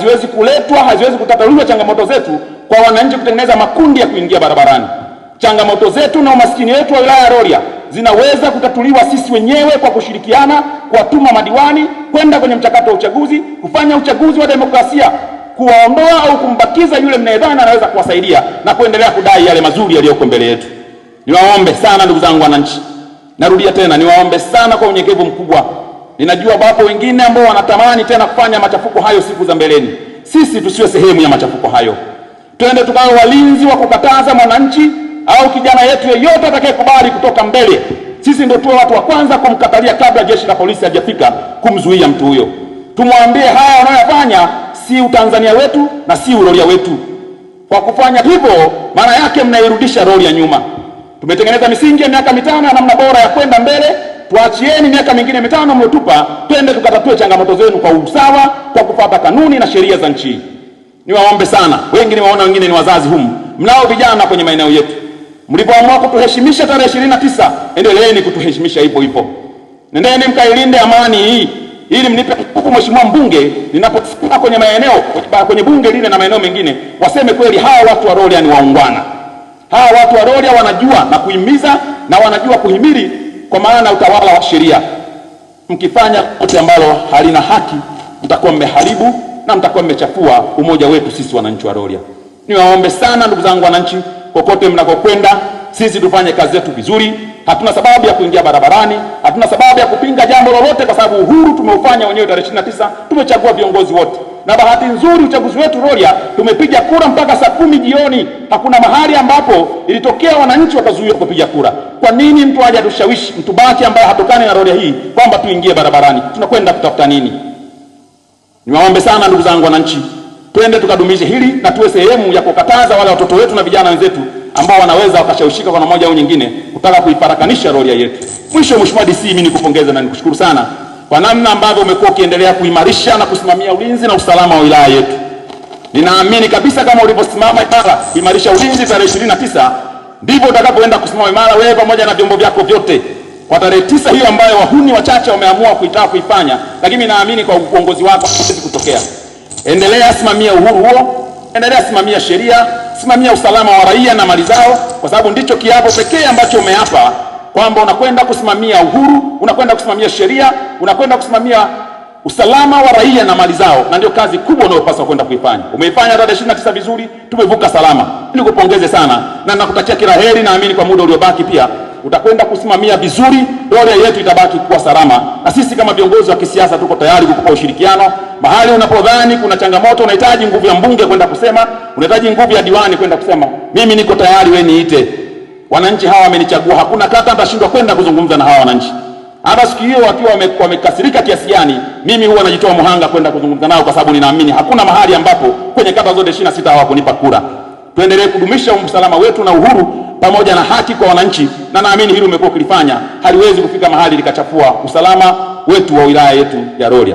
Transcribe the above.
haziwezi kuletwa, haziwezi kutatuliwa changamoto zetu kwa wananchi kutengeneza makundi ya kuingia barabarani. Changamoto zetu na umaskini wetu wa wilaya ya Rorya zinaweza kutatuliwa sisi wenyewe kwa kushirikiana, kuwatuma madiwani kwenda kwenye mchakato wa uchaguzi, kufanya uchaguzi wa demokrasia, kuwaondoa au kumbakiza yule mnayedhani anaweza kuwasaidia na kuendelea kudai yale mazuri yaliyoko mbele yetu. Niwaombe sana ndugu zangu wananchi, narudia tena, niwaombe sana kwa unyenyekevu mkubwa Ninajua wapo wengine ambao wanatamani tena kufanya machafuko hayo siku za mbeleni. Sisi tusiwe sehemu ya machafuko hayo, twende tukawe walinzi wa kukataza mwananchi au kijana yetu yeyote atakayekubali kutoka mbele. Sisi ndio tuwe watu wa kwanza kumkatalia kabla jeshi la polisi halijafika kumzuia mtu huyo. Tumwambie haya wanayofanya si utanzania wetu na si uroria wetu. Kwa kufanya hivyo, maana yake mnairudisha roli ya nyuma. Tumetengeneza misingi ya miaka mitano ya namna bora ya kwenda mbele Tuachieni miaka mingine mitano mliotupa, twende tukatatue changamoto zenu kwa usawa, kwa kufuata kanuni na sheria za nchi. Niwaombe sana, wengi niwaona, wengine ni wazazi humu, mnao vijana kwenye maeneo yetu, Mlipoamua kutuheshimisha tarehe ishirini na tisa, endeleeni kutuheshimisha hivyo hivyo. Nendeni mkailinde amani hii ili mnipe huku mheshimiwa mbunge ninapofika kwenye maeneo kwenye bunge lile na maeneo mengine, waseme kweli hawa watu wa Rorya ni waungwana, hawa watu wa Rorya wanajua na kuhimiza na wanajua kuhimili kwa maana na utawala wa sheria. Mkifanya kote ambalo halina haki, mtakuwa mmeharibu na mtakuwa mmechafua umoja wetu sisi wananchi wa Rorya. Niwaombe sana ndugu zangu wananchi, kokote mnakokwenda, sisi tufanye kazi yetu vizuri. Hatuna sababu ya kuingia barabarani, hatuna sababu ya kupinga jambo lolote, kwa sababu uhuru tumeufanya wenyewe tarehe 29. Tumechagua viongozi wote na bahati nzuri uchaguzi wetu Rorya tumepiga kura mpaka saa kumi jioni. Hakuna mahali ambapo ilitokea wananchi wakazuiwa kupiga kura. Kwa nini mtu aje atushawishi mtu bahati ambaye hatokani na Rorya hii kwamba tuingie barabarani? Tunakwenda kutafuta nini? Niwaombe sana ndugu zangu wananchi, twende tukadumishe hili na tuwe sehemu ya kukataza wale watoto wetu na vijana wenzetu ambao wanaweza wakashawishika kwa namna moja au nyingine kutaka kuiparakanisha Rorya yetu. Mwisho, Mheshimiwa DC, mimi nikupongeza na nikushukuru sana kwa namna ambavyo umekuwa ukiendelea kuimarisha na kusimamia ulinzi na usalama wa wilaya yetu. Ninaamini kabisa kama ulivyosimama imara kuimarisha ulinzi tarehe 29 ndivyo utakapoenda kusimama imara wewe pamoja na vyombo vyako vyote kwa tarehe tisa hiyo ambayo wahuni wachache wameamua kuitaka kuifanya, lakini naamini kwa uongozi wako haiwezi kutokea. Endelea simamia uhuru huo, endelea simamia sheria, simamia usalama wa raia na mali zao, kwa sababu ndicho kiapo pekee ambacho umeapa kwamba unakwenda kusimamia uhuru, unakwenda kusimamia sheria, unakwenda kusimamia usalama wa raia na mali zao, na ndio kazi kubwa unayopaswa kwenda kuifanya. Umeifanya tarehe ishirini na tisa vizuri, tumevuka salama. Nikupongeze sana na nakutakia kila heri. Naamini kwa muda uliobaki pia utakwenda kusimamia vizuri, doria yetu itabaki kuwa salama, na sisi kama viongozi wa kisiasa tuko tayari kukupa ushirikiano mahali unapodhani kuna changamoto. Unahitaji nguvu ya mbunge kwenda kusema, unahitaji nguvu ya diwani kwenda kusema, mimi niko tayari, we niite. Wananchi hawa wamenichagua, hakuna kata atashindwa kwenda kuzungumza na hawa wananchi. Hata siku hiyo wakiwa wamekasirika kiasi gani, mimi huwa najitoa muhanga kwenda kuzungumza nao, kwa sababu ninaamini hakuna mahali ambapo kwenye kata zote 26 sita hawakunipa kura. Tuendelee kudumisha usalama wetu na uhuru pamoja na haki kwa wananchi, na naamini hili umekuwa ukilifanya, haliwezi kufika mahali likachafua usalama wetu wa wilaya yetu ya Rorya.